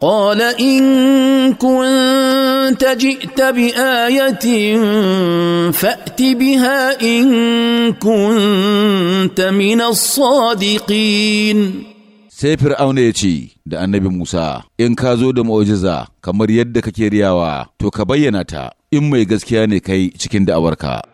قال ان كنت جئت بايه فات بها ان كنت من الصادقين sai fir'auna ya ce da annabi musa in ka zo da mu'ujiza kamar yadda kake riyawa to ka bayyana ta in mai gaskiya ne kai cikin da'awarka